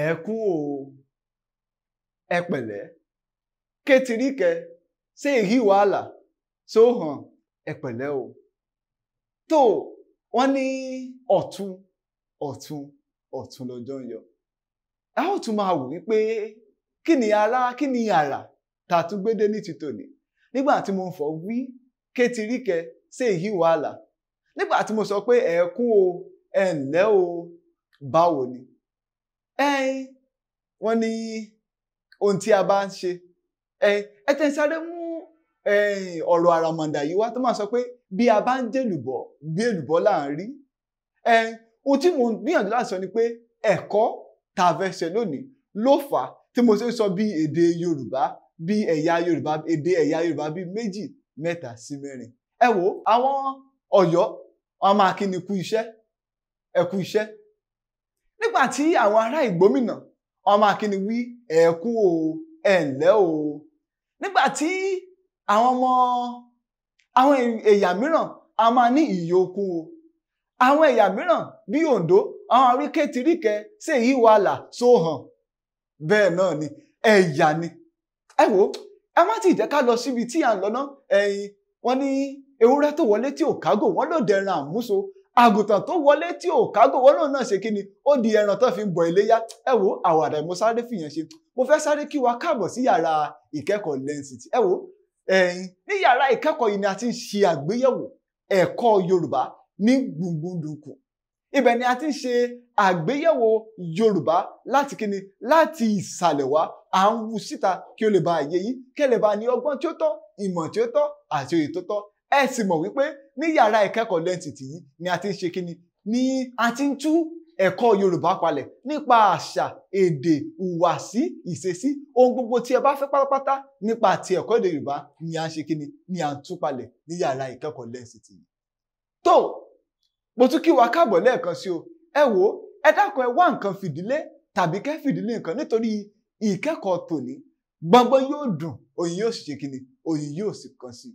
ẹ kú o ẹ pẹ̀lẹ́ kétiríkẹ ṣé èyí wàhálà tó hàn Ẹpẹlẹ o tó wọn ní ọtún ọtún ọtún lọjọ ń yọ a ó tún máa wò wípé kí ni ara kí ni àrà tá a tún gbé dé ní ti nígbà tí mo ń fọ wí kétiríkẹ ṣé èyí wàhálà nígbà tí mo sọ pé ẹ o ẹ ǹlẹ́ o báwo ni ẹ̀ẹ́n wọ́n ní ohun tí a bá ń ṣe ẹ̀ẹ́n ẹ tẹ́ ń sáré mú ọ̀rọ̀ àràmàǹdà yìí wá tó máa sọ pé bí a bá ń jẹ̀lùbọ̀ bí èlùbọ̀ là ń rí ẹ̀ẹ́n ohun tí mo gbìyànjú láti sọ ni pé ẹ̀kọ́ tá a fẹ́ ṣe lónìí ló fà á tí mo ṣe ń sọ bí èdè Yorùbá bí ẹ̀yà Yorùbá èdè ẹ̀yà Yorùbá bí méjì mẹ́ta sí mẹ́rin ẹ wo àwọn Ọ̀yọ́ wọn máa kí ni kú iṣẹ́ ẹ kú iṣẹ́ nígbà tí àwọn ará ìgbómìnà ọmọ akíní wí ẹ kú o ẹ ǹlẹ́ o nígbà tí àwọn ọmọ àwọn ẹ̀yà mìíràn a máa ní ìyókù o àwọn ẹ̀yà mìíràn bíi Oǹdó àwọn aríkètìríkẹ ṣe èyí wà là so hàn bẹ́ẹ̀ náà ni ẹ̀yà ni ẹ wò ẹ má ti jẹ́ ká lọ síbi tí à ń lọ náà ẹ̀yìn wọn ní ewúrẹ́ tó wọlé tí ò kágò wọn ló dẹran àmúso àgùntàn tó wọlé tí ò kágòwó náà náà ṣe kíni ó di ẹran tó fi ń bọ iléyá ẹ wo àwàdà mo sáré fìyàn ṣe mo fẹ́ sáré kí wa káàbọ̀ sí yàrá ìkẹ́kọ̀ọ́ lẹ́ǹsìtì ẹ wo ẹ̀yin ní yàrá ìkẹ́kọ̀ọ́ yìí ni a ti ń ṣe àgbéyẹ̀wò ẹ̀kọ́ Yorùbá ní gbùngbùndùnkùn ibẹ̀ ni a ti ń ṣe àgbéyẹ̀wò Yorùbá láti kíni láti ìsàlẹ̀ wá à ń wu síta kí o lè bá àyè yín kẹ́ bá ní ọgbọ́n tí ó tọ́ ìmọ̀ tí ó tọ́ àti òye tó tọ́ ẹ sì mọ̀ wípé ní yàrá ìkẹ́kọ̀ọ́ lẹ́ǹtìtì yìí ni a ti ń ṣe kíni ni a ti ń tú ẹ̀kọ́ Yorùbá palẹ̀ nípa àṣà èdè ìhùwàsí ìṣesí ohun gbogbo tí ẹ bá fẹ́ pátápátá nípa àti ẹ̀kọ́ èdè Yorùbá ni a ń ṣe kíni ni à ń tú palẹ̀ ní yàrá ìkẹ́kọ̀ọ́ lẹ́ǹtìtì yìí. tó mo tún kí wa káàbọ̀ lẹ́ẹ̀kan sí o ẹ wo ẹ dákun ẹ wá nǹkan fìdílé tàbí kẹ́ fìdílé nǹkan nítorí ìkẹ́kọ̀ọ́ tòní gbọ́ngbọ́n yóò dùn òyìn yóò sì ṣe kíni òyìn yóò sì kàn sí i.